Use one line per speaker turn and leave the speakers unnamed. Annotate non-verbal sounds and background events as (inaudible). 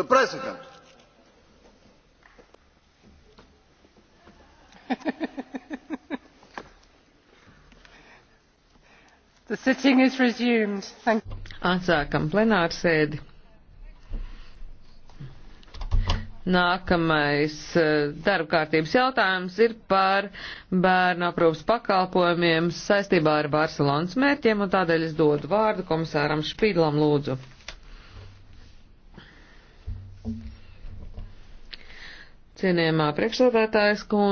the president. (laughs)
the sitting is resumed. Thank Atsākam plenārsēdi. Nākamais eh, darba kārtības jautājums ir par bērnu aprūpas pakalpojumiem saistībā ar Barcelonas mērķiem, un tādēļ es dodu vārdu komisāram Špīdlam lūdzu. Cienījamā priekšsēdētājas kundze.